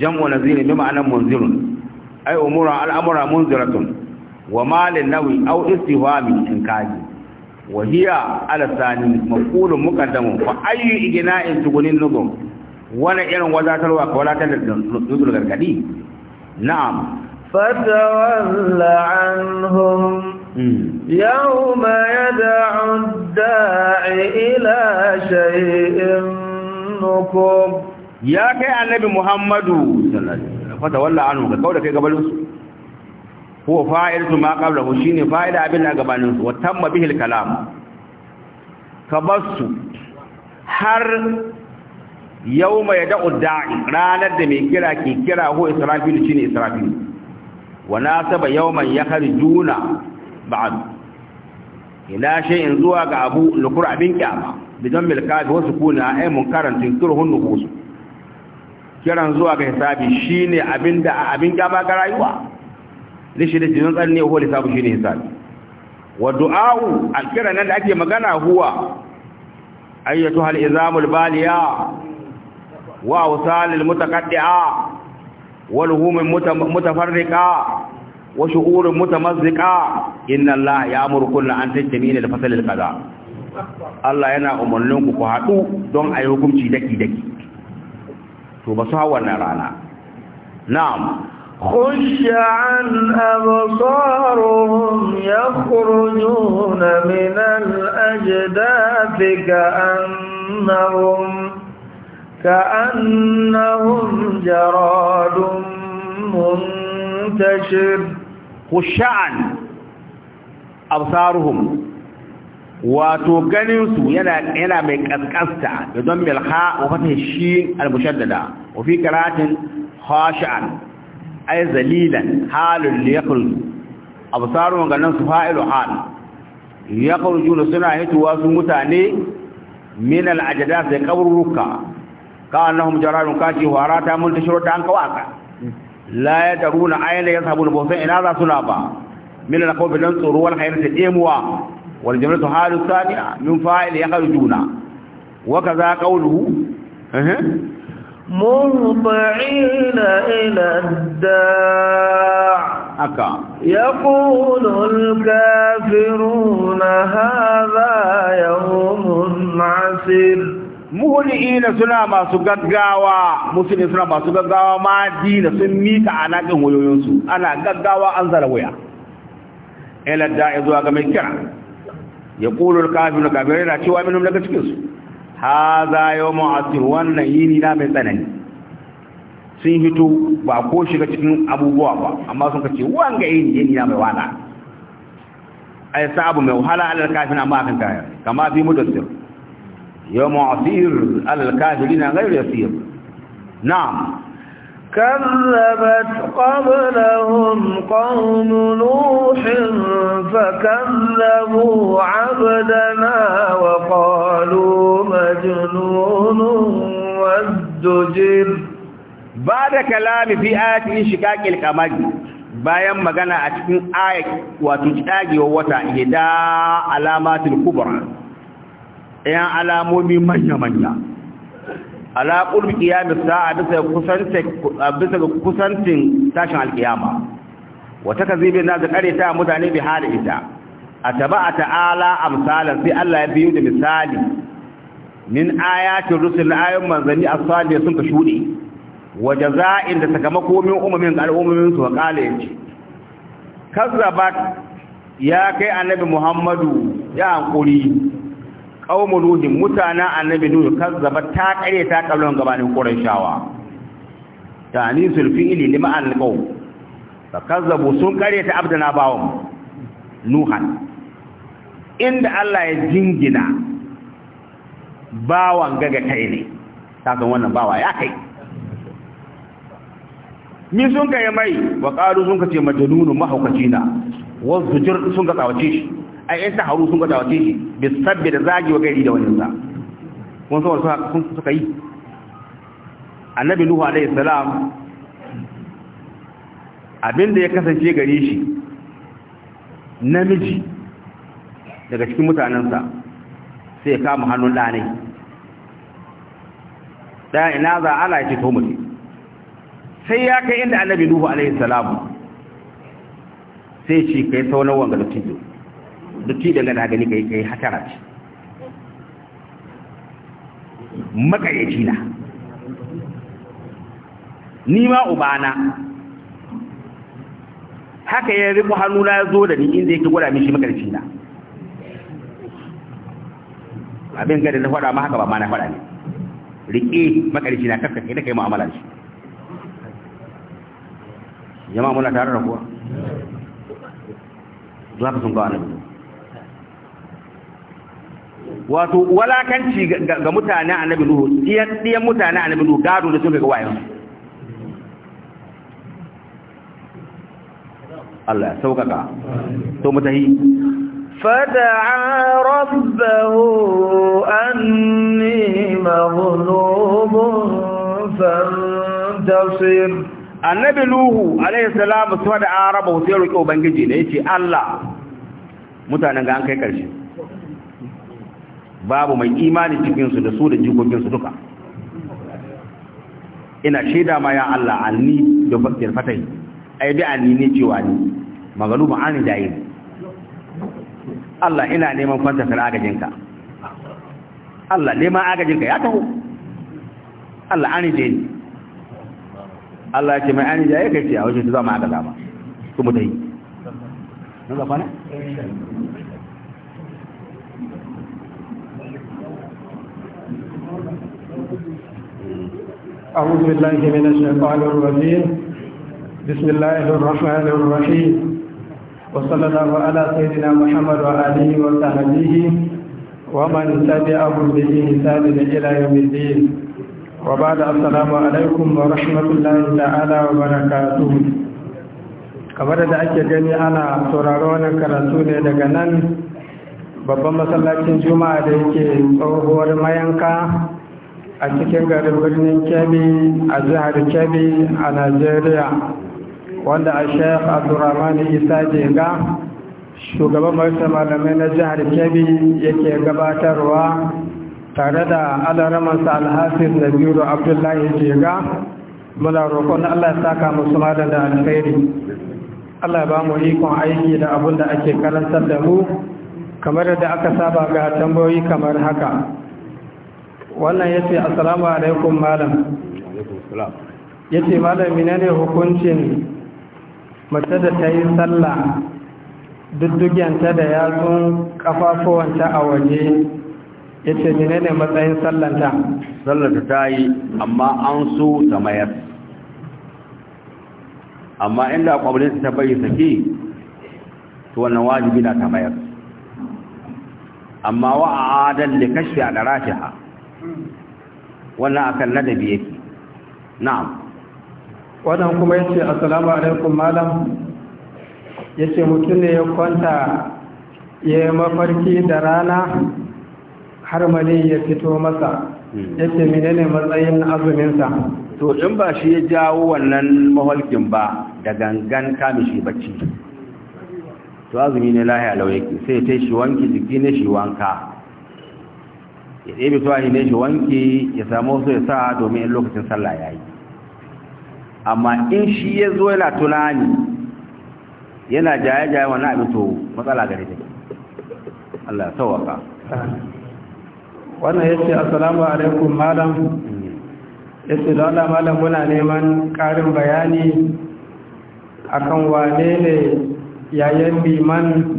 jam'u nazirin bi ma'anan munzirun ai umura al'amura munziratun wa malin nawi aw istihami in kaji wa hiya ala sani maqulun muqaddamun fa ayyu igna'in tugunin nuzum wala irin wazatarwa ka wala ta nuzul gargadi na'am فتول عنهم يوم يدعو الداعي إلى شيء نكب يا كي النبي محمد صلى الله عليه وسلم fata walla anu ka kauda kai gabanin su huwa fa'idatu ma qablahu shine fa'ida abin da gabanin su watamma bihil kalam kabassu har yawma yad'u da'i ranar da mai kira ke kira ho israfil shine israfil wa nasaba yawman yakhrujuna ba'd ila shay'in zuwa ga abu lukur abin kiyama bidan milka wa sukuna ay munkaran tunkiruhun nuhusu kiran zuwa ga hisabi shine abinda abin gaba ga rayuwa lishi da jinin tsanne sabu hisabu shine hisabi wa du'a'u kira nan da ake magana huwa ayyatu hal izamul baliya wa wasalil mutaqaddi'a wal humum mutafarriqa wa shu'urun mutamazziqa inna allaha ya'muru kullu an tajtami'a li fasal al qada Allah yana umarnin ku ku haɗu don ayi hukunci daki daki to ba su خش عن أبصارهم يخرجون من الأجداث كأنهم كأنهم جراد منتشر خش عن أبصارهم wato ganinsu yana mai ƙasƙasta, da don milha wa fata shi al-mushaddada wa fi karatin khashi'an ay zalilan halul yaqul absaru ganin su fa'ilu hal yaqulu suna hituwa su mutane min al'ajada ajdath da qabruka ka annahum jararun kaji warata mun ta shiro da an kawaka la ainihin ayna yashabun bosan ina za suna ba min al-qawbi dan wani wal ta demuwa والجملة حال الثانية من فاعل يخرجون وكذا قوله اها إلى الداع يقول الكافرون هذا يوم عسير مهلئين سلاما سقدقاوا مسلمين سلاما سقدقاوا ما دين سميك على قهو ينسو على قدقاوا أنزل ويا إلى الداع يزوى كما يكرم ya ƙulul kafin na kafirai na cewa minum daga cikinsu ha za yau ma'asir wannan yini na mai tsanani sun hito ba ko shiga cikin abubuwa ba amma sun kace wanga yi ni yini yini na mai wala ai sabu mai wahala alal kafin amma akan kaya kama fi mudassir yau ma'asir alal kafirin na gairu yasir Na. كذبت قبلهم قوم نوح فكذبوا عبدنا وقالوا مجنون وازدجر بعد كلام في آية انشقاق القمر bayan magana a cikin ayat wato tsagewar wata ihda alamatul kubra ayan alamomi manya manya ala qurbi qiyamis sa'a bisa kusantin tashin alkiyama wa takzibi na da kare ta mutane bi hada ita ataba ta'ala misalin, sai Allah ya biyu da misali min ayatin rusul ayon manzani as-salih sun ka shuɗe. Waje jaza'in da sakamako min umumin al'umumin su ya ce. kazzabat ya kai annabi Muhammadu ya hankuri qaumu nuhin mutana annabi nuhu zaba ta kare ta kallon gabanin ni sulfi ili lima al-qaum fa kazzabu sun kare ta abdana bawon nuhan inda Allah ya jingina bawan gaga kai ne ta san wannan bawa ya kai min sun kai mai wa qalu sun kace majnunu mahaukacina wa zujur sun ga tsawace shi ai yan saharu sun gaza wace shi bi sabbi da zagi wa gari da wani sa kun so wasu sun suka yi annabi nuhu alaihi salam abinda ya kasance gare shi namiji daga cikin mutanensa sai ya kama hannun ɗanai ɗaya ina za ala ya ce to sai ya kai inda annabi nuhu alaihi salam sai ce kai saunar wanga da cikin. duk ci daga na gani kai kai hatara ce na ni ma ubana haka ya riƙo hannu na zo da ni inda yake gwada mishi makarci na abin gada na faɗa ma haka ba ma na faɗa ne riƙe makarci na kakka kai da kai mu'amala shi jama'a muna tare da kuwa zuwa ka sun ga na wato walakanci ga mutane a Nabi nuhu mutane a Nabi nuhu gado da suka ga wayan Allah ya sauƙaƙa to mutahi فدعا ربه أني مغلوب فانتصر annabi nuhu alayhi salam su da araba sai roƙi ubangiji ne yace Allah mutanen ga an kai karshe babu mai imani cikinsu da su da jikokinsu duka ina shaida ma ya Allah anni da fakir fatai ai bi anni ne cewa ni magalubu ani da yi Allah ina neman kwanta sar agajinka Allah neman agajinka ya taho Allah ani da ni Allah ce mai ani da yake ce a wajen zama agaza ba kuma dai nan ne أعوذ بالله من الشيطان الرجيم بسم الله الرحمن الرحيم وصلى الله على سيدنا محمد وآله وصحبه ومن تبعهم بإحسان إلى يوم الدين وبعد السلام عليكم ورحمة الله تعالى وبركاته kamar da ake gani ana sauraro wani karatu ne daga nan babban masallacin juma'a da yake tsohuwar mayanka a cikin garin birnin kebbi a jihar kebbi a najeriya wanda a sheikh abdurrahman isa jega shugaban marta malamai na jihar kebbi yake gabatarwa tare da alaramansa alhafiz na biyu abdullahi jega muna roƙon allah ya saka musu malam da alkhairi allah ba mu ikon aiki da abin da ake karantar da mu kamar da aka saba ga tambayoyi kamar haka wannan ya ce asalamu alaikum malam ya ce malam mina ne hukuncin mace da ta yi sallah duddugenta da yatsun kafafuwanta a waje ya ce mina ne matsayin sallanta sallanta ta yi amma an su ta mayar amma inda kwabilinsu ta bayi saki to wannan wajibi na ta mayar amma adal da kashe a ha. wannan akan ladabi yake na'am wannan kuma yace assalamu alaikum malam yace mutum ne ya kwanta ya mafarki da rana har mali ya fito masa hmm. yace menene matsayin azuminsa to in ba shi ya jawo wannan mahalkin ba da gangan kame shi bacci to azumi ne lahiya lau yake sai ta shi wanki jiki ne shi wanka ya ɗebe tuwahi ne shi wanki ya samu wasu ya sa domin in lokacin sallah ya yi amma in shi ya zo yana tunani yana jaye-jaye wani abin to matsala gare ta Allah sauwaka wannan ya ce assalamu alaikum malam hmm. ya ce da wannan malam muna neman ƙarin bayani akan wane ne yayin liman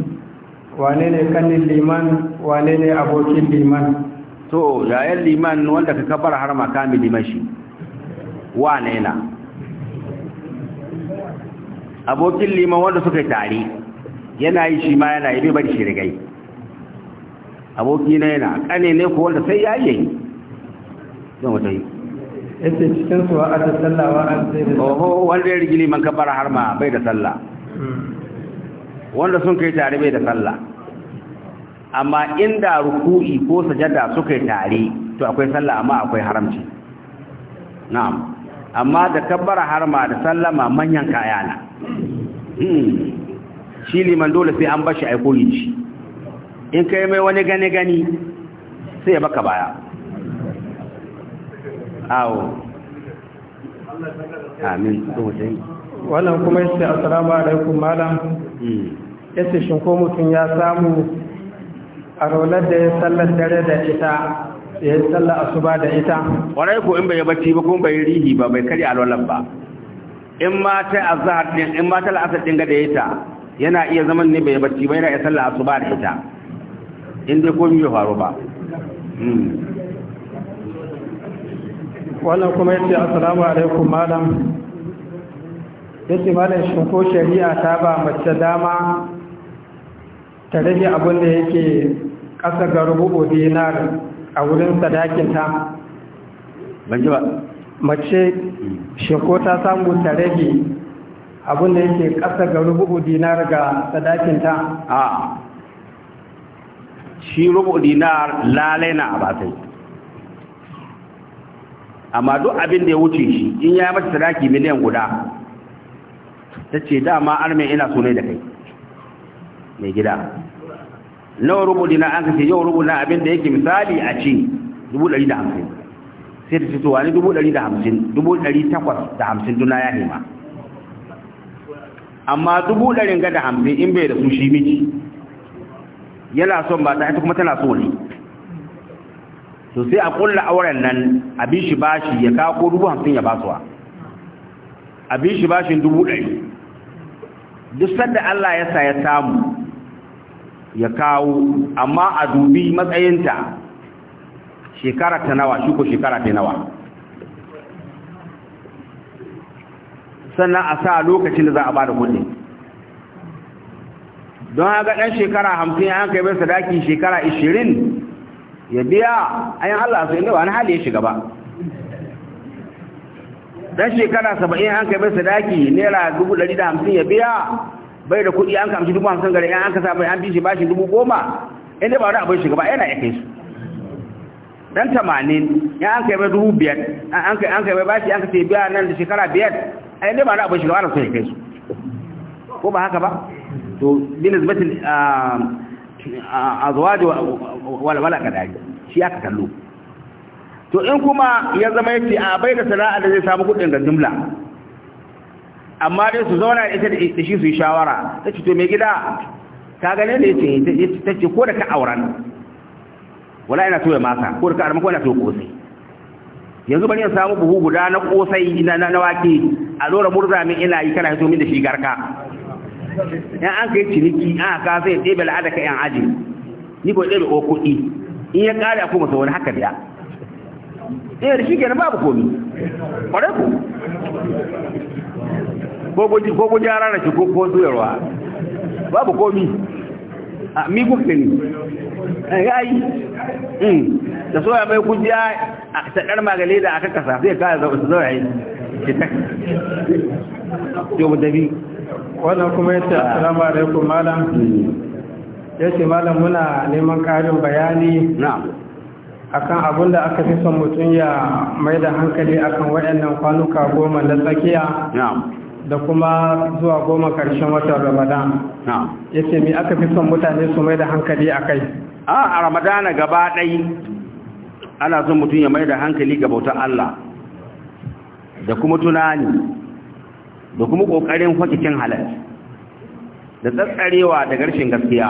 wane ne kanin liman wane ne abokin liman to yayin liman wanda ka kabar har makami liman shi wane na abokin liman wanda suka tare yana yi shi ma yana yi bai bari shi rigai aboki na yana kane ne ko wanda sai yayi yayi don wata yi yace cikin suwa a ta sallawa an sai da oho wanda ya rigi liman kabar har ma bai da sallah hmm. wanda sun kai tare bai da sallah amma inda ruku'i ko sajada suka yi tare to akwai sallah amma akwai haramci na'am amma da kabbara harma da sallama manyan kaya na hmm. shi liman dole sai an bashi ai koyi shi in kai mai wani gane gani sai ya baka baya awo amin wannan kuma sai assalamu alaikum malam hmm. yace shin ko mutum ya samu a rolar da ya sallar dare da ita ya yi sallar asuba da ita warai ko in bai bacci ba kuma bai rihi ba bai kari alwalar ba in ma ta azhar din in ma ta al'asar din ga da ita yana iya zaman ne bai bacci ba yana iya sallar asuba da ita in dai komai ya faru ba hmm. wannan kuma yace assalamu alaikum malam yace malam shin ko shari'a ta ba mace dama ta rage abin da yake ƙasa ga rububu dinar a wurin sadakinta mace sheko ta samu ta rage abin da yake ƙasa ga rububu dinar ga sadakinta a shi rubu'u dinar lalai na abatai amma duk abin da ya wuce shi in ya yi mata sadaki miliyan guda ta ce dama arme ina sunai da kai mai gida nawa rubuɗi na an kace yau na abin da yake misali a ce dubu ɗari da hamsin sai ta fito wani dubu ɗari da hamsin dubu ɗari takwas da hamsin duna ya nema amma dubu ɗarin ga da hamsin in bai da su shi miji yana son ba ta ita kuma tana so ne to sai a kulla auren nan abin shi bashi ya ko dubu hamsin ya basuwa abin shi bashin dubu ɗari duk sanda Allah ya sa ya samu ya kawo amma a dubi matsayinta shekara ta nawa shi ko shekara ta nawa sannan a sa lokacin da za a ba da kudi don haka ɗan shekara hamsin an kai bai sadaki shekara ishirin ya biya ayin Allah su inda wani hali ya shiga ba ɗan shekara saba'in an kai bai sadaki naira dubu ɗari da hamsin ya biya bai da kuɗi an kamshi dubu hamsin gare an kasa sa bai an bishi shi bashi dubu goma inda ba wani abin shiga ba yana ya kai su dan tamanin ya an kai bai dubu biyar an kai bai bashi an ka biya nan da shekara biyar a inda ba wani abin shiga ba ana so ya kai su ko ba haka ba to a ah, ah, zuwa da walwala ga dari shi aka kallo to in kuma ya zama yake a bai da sana'a da zai samu kudin da jumla amma dai su zauna da ita da shi su yi shawara ta ce to mai gida ka gane da yace ta ce ko da ka auren wala ina so ya masa ko da ka arma ko ina so kosai yanzu bari ya samu buhu guda na kosai na na wake a lora murza min ina yi kana hito min da shi garka yan an kai ciniki an ka sai ɗebe la'ada ka yan aji ni ko ɗebe o kuɗi in ya ƙare a kuma wani haka eh, da eh shi kenan babu komi ƙwarai ku ko ko gyara da shi ko ko suyarwa babu komi a mi kuka ne eh, ya yi hmm. da soya mai kujiya a taɗar magale da aka kasa zai kaya zaɓa su zaɓa yi ke <laughs> ta yau mu tafi wannan kuma ya ce assalamu alaikum malam hmm. ya ce malam muna neman ƙarin bayani akan abin da aka fi son mutum ya mai da hankali akan waɗannan kwanuka goma na tsakiya da kuma zuwa goma karshen watan ramadan ya ce mi aka fi son mutane su mai da hankali a kai a ramadana gaba ɗai ana son mutum ya mai da hankali ga bautar allah da kuma tunani da kuma ƙoƙarin kwakikin halar da tsatsarewa da garshin gaskiya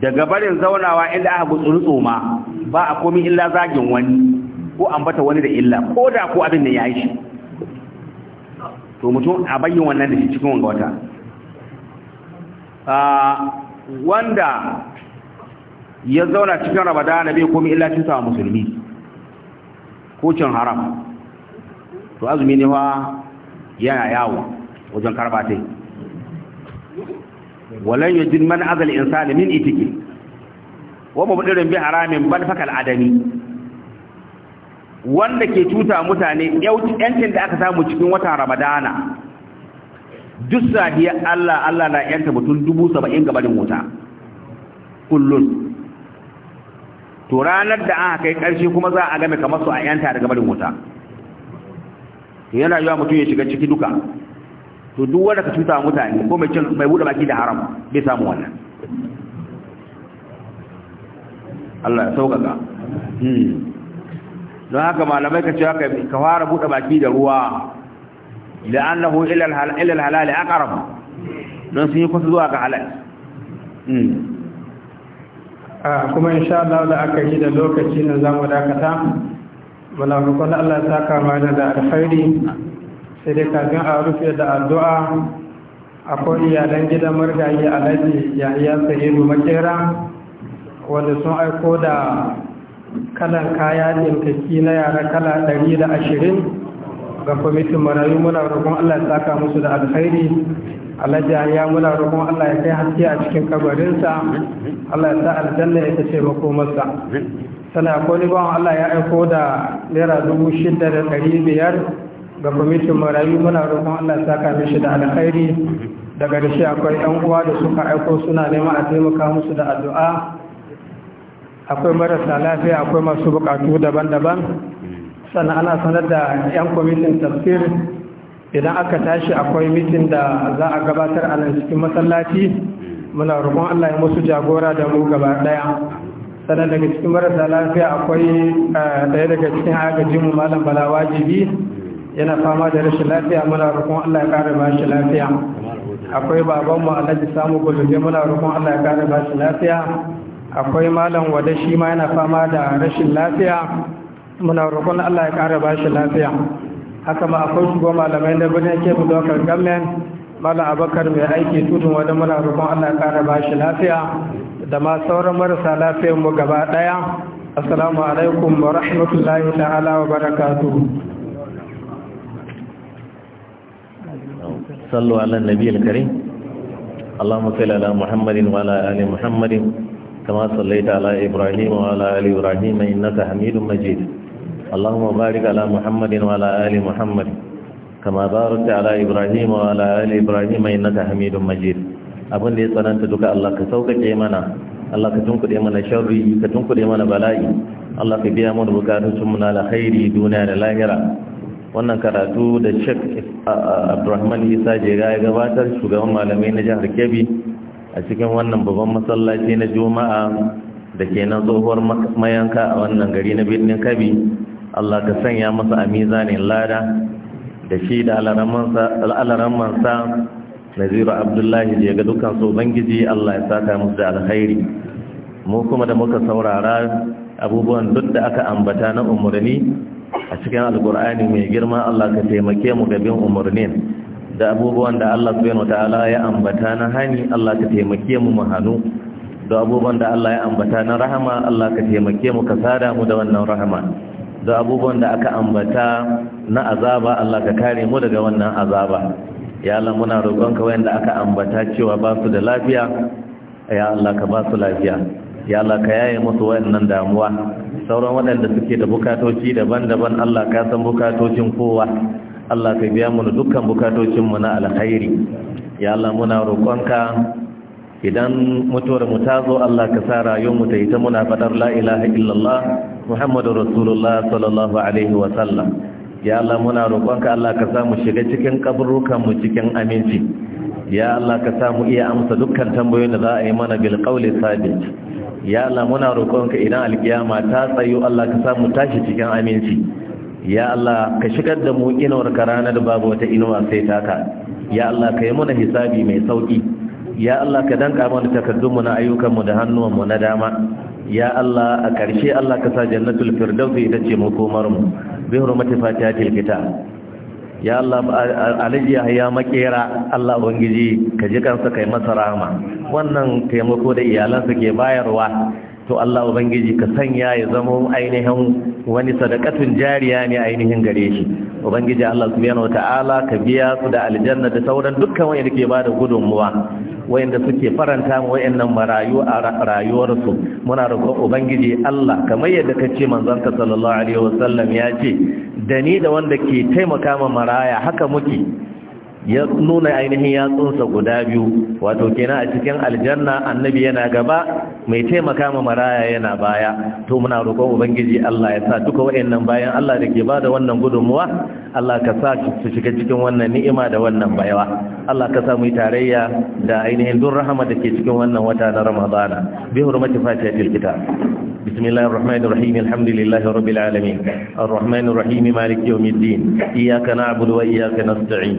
daga barin zaunawa inda aka gutsuru tsoma ba a komi illa zagin wani ko ambata wani da illa ko da ko abin da ya yi shi to mutum a bayyin wannan da ke cikin wanga wata ah, wanda ya zauna cikin rabada na bai komi illa cin sama musulmi ko cin haram to azumi ne wa yana yawo wajen karbatai walan yajid man azal insani min itiki wa mabdirin bi haramin bal fakal adami wanda ke cuta mutane yancin da aka samu cikin watan ramadana duk sahiya Allah Allah na yanta mutum dubu saba'in gabanin wuta kullum to ranar da aka kai ƙarshe kuma za a game kamar su a yanta da gabanin wuta to yana yiwa mutum ya shiga ciki duka to duk wanda ka cuta mutane ko mai cin mai bude baki da haram bai samu wannan Allah ya sauƙaƙa hmm don haka malamai ka ce haka ka fara buɗe baki da ruwa la'annahu ila al-halal aqrab don sun yi kusa zuwa ga halal hmm. a kuma insha Allah da aka yi da lokaci na zamu dakata muna roƙon Allah ya saka mana da alkhairi sai dai kafin a rufe da addu'a akwai iyalan gidan murgaye alhaji yahya sa'idu makera wanda sun aiko da kalan kaya ɗinkaki na yara kala ɗari da ashirin ga kwamitin marayu muna roƙon Allah ya saka musu da alkhairi alhaji ya muna roƙon Allah ya kai haske a cikin kabarinsa Allah ya sa aljanna ya ta taimako masa sana ko ni Allah ya aiko da naira dubu shida da ɗari biyar ga kwamitin marayu muna roƙon Allah ya saka mishi da alkhairi daga da shi akwai 'yan uwa da suka aiko suna neman a taimaka musu da addu'a akwai marasa lafiya akwai masu bukatu daban-daban sannan ana sanar da 'yan kwamitin tafsir idan aka tashi akwai mitin da za a gabatar a nan cikin masallaci muna roƙon Allah ya musu jagora da mu gaba daya sannan daga cikin marasa lafiya akwai eh, ɗaya daga cikin agajinmu malam bala wajibi yana fama da rashin lafiya muna roƙon Allah ya ƙara ba shi lafiya akwai babanmu alhaji samu gulbe muna roƙon Allah ya ƙara ba shi lafiya akwai malam wada shi ma yana fama da rashin lafiya muna rukun Allah ya ƙara ba shi lafiya haka ma akwai shigo malamai na birnin kebu dokar gamen malam abakar mai aiki tudun wada muna rukun Allah ya ƙara ba shi lafiya da ma sauran marasa lafiyar mu gaba ɗaya assalamu alaikum wa rahmatullahi ta'ala wa barakatuhu صلوا على النبي الكريم اللهم صل على محمد وعلى ال محمد كما صليت على إبراهيم وعلى آل إبراهيم إنك حميد مجيد اللهم بارك على محمد وعلى آل محمد كما باركت على إبراهيم وعلى آل إبراهيم إنك حميد مجيد abin da ya tsananta duka Allah ka sauƙaƙe mana Allah ka tunkuɗe mana sharri ka tunkuɗe mana bala'i Allah ka biya mana bukatun mu na duniya da lahira wannan karatu da Sheikh rahman Isa Jega ya gabatar shugaban malamai na jihar Kebbi a cikin wannan babban masallaci na juma'a da ke nan tsohuwar mayanka a wannan gari na birnin kabi Allah ka sanya masa a mizanin lada da shi da alaramansa naziru abdullahi je ga dukkan su ubangiji Allah ya saka musu da alkhairi mu kuma da muka saurara abubuwan duk da aka ambata na umarni a cikin alkur'ani mai girma Allah ka taimake mu ga bin umarnin da abubuwan da Allah subhanahu wataala ya ambata na hani Allah ka taimake mu mu hanu da abubuwan da Allah ya ambata na rahama Allah ka taimake mu ka sada mu da wannan rahama da abubuwan da aka ambata na azaba Allah ka kare mu daga wannan azaba ya Allah muna roƙonka wayanda aka ambata cewa ba su da lafiya ya Allah ka ba su lafiya ya Allah ka yaye musu wayannan damuwa sauran waɗanda suke da bukatoci daban-daban Allah ka san bukatocin kowa Allah ka biya mu dukkan bukatocinmu na alkhairi ya Allah muna roƙonka idan mutuwar mu ta zo Allah ka sa rayuwar mu ta ita muna fadar la ilaha illallah Muhammadu Rasulullah sallallahu alaihi wa sallam ya Allah muna roƙonka Allah ka sa mu shiga cikin kaburukan mu cikin aminci ya Allah ka sa mu iya amsa dukkan tambayoyin da za a yi mana bil qawli sabit ya Allah muna roƙonka idan alkiyama ta tsayo Allah ka sa mu tashi cikin aminci ya Allah ka shigar da mu inuwar ka ranar babu wata inuwa sai taka ya Allah ka yi mana hisabi mai sauki ya Allah ka danka mana takardunmu na ayyukanmu da hannuwanmu na dama ya Allah a ƙarshe Allah ka sa jannatul firdausi ita ce makomar mu bi hurmati fatihatil kitab ya Allah alaji ya makera Allah ubangiji ka ji kansa kai masa rahama wannan taimako da iyalansa ke bayarwa to Allah ubangiji ka sanya ya zama ainihin wani sadakatun jariya ne ainihin gare shi ubangiji Allah subhanahu wataala ka biya su da aljanna da sauran dukkan wanda ke bada gudunmuwa wayanda suke faranta mu wayannan marayu a rayuwarsu muna roƙon ubangiji Allah kamar yadda kace manzon ka sallallahu alaihi wasallam ya ce da ni da wanda ke taimaka ma maraya haka muke ya nuna ainihin yatsunsa guda biyu wato kenan a cikin aljanna annabi yana gaba mai taimaka ma maraya yana baya to muna roƙon ubangiji Allah ya sa duka waɗannan bayan Allah da ke da wannan gudunmuwa Allah ka sa su shiga cikin wannan ni'ima da wannan baiwa Allah ka sa mu tarayya da ainihin dun rahama da ke cikin wannan wata na Ramadana bi hurmati fatihatil kitab بسم الله الرحمن الرحيم الحمد لله رب العالمين الرحمن الرحيم مالك يوم الدين إياك نعبد وإياك نستعين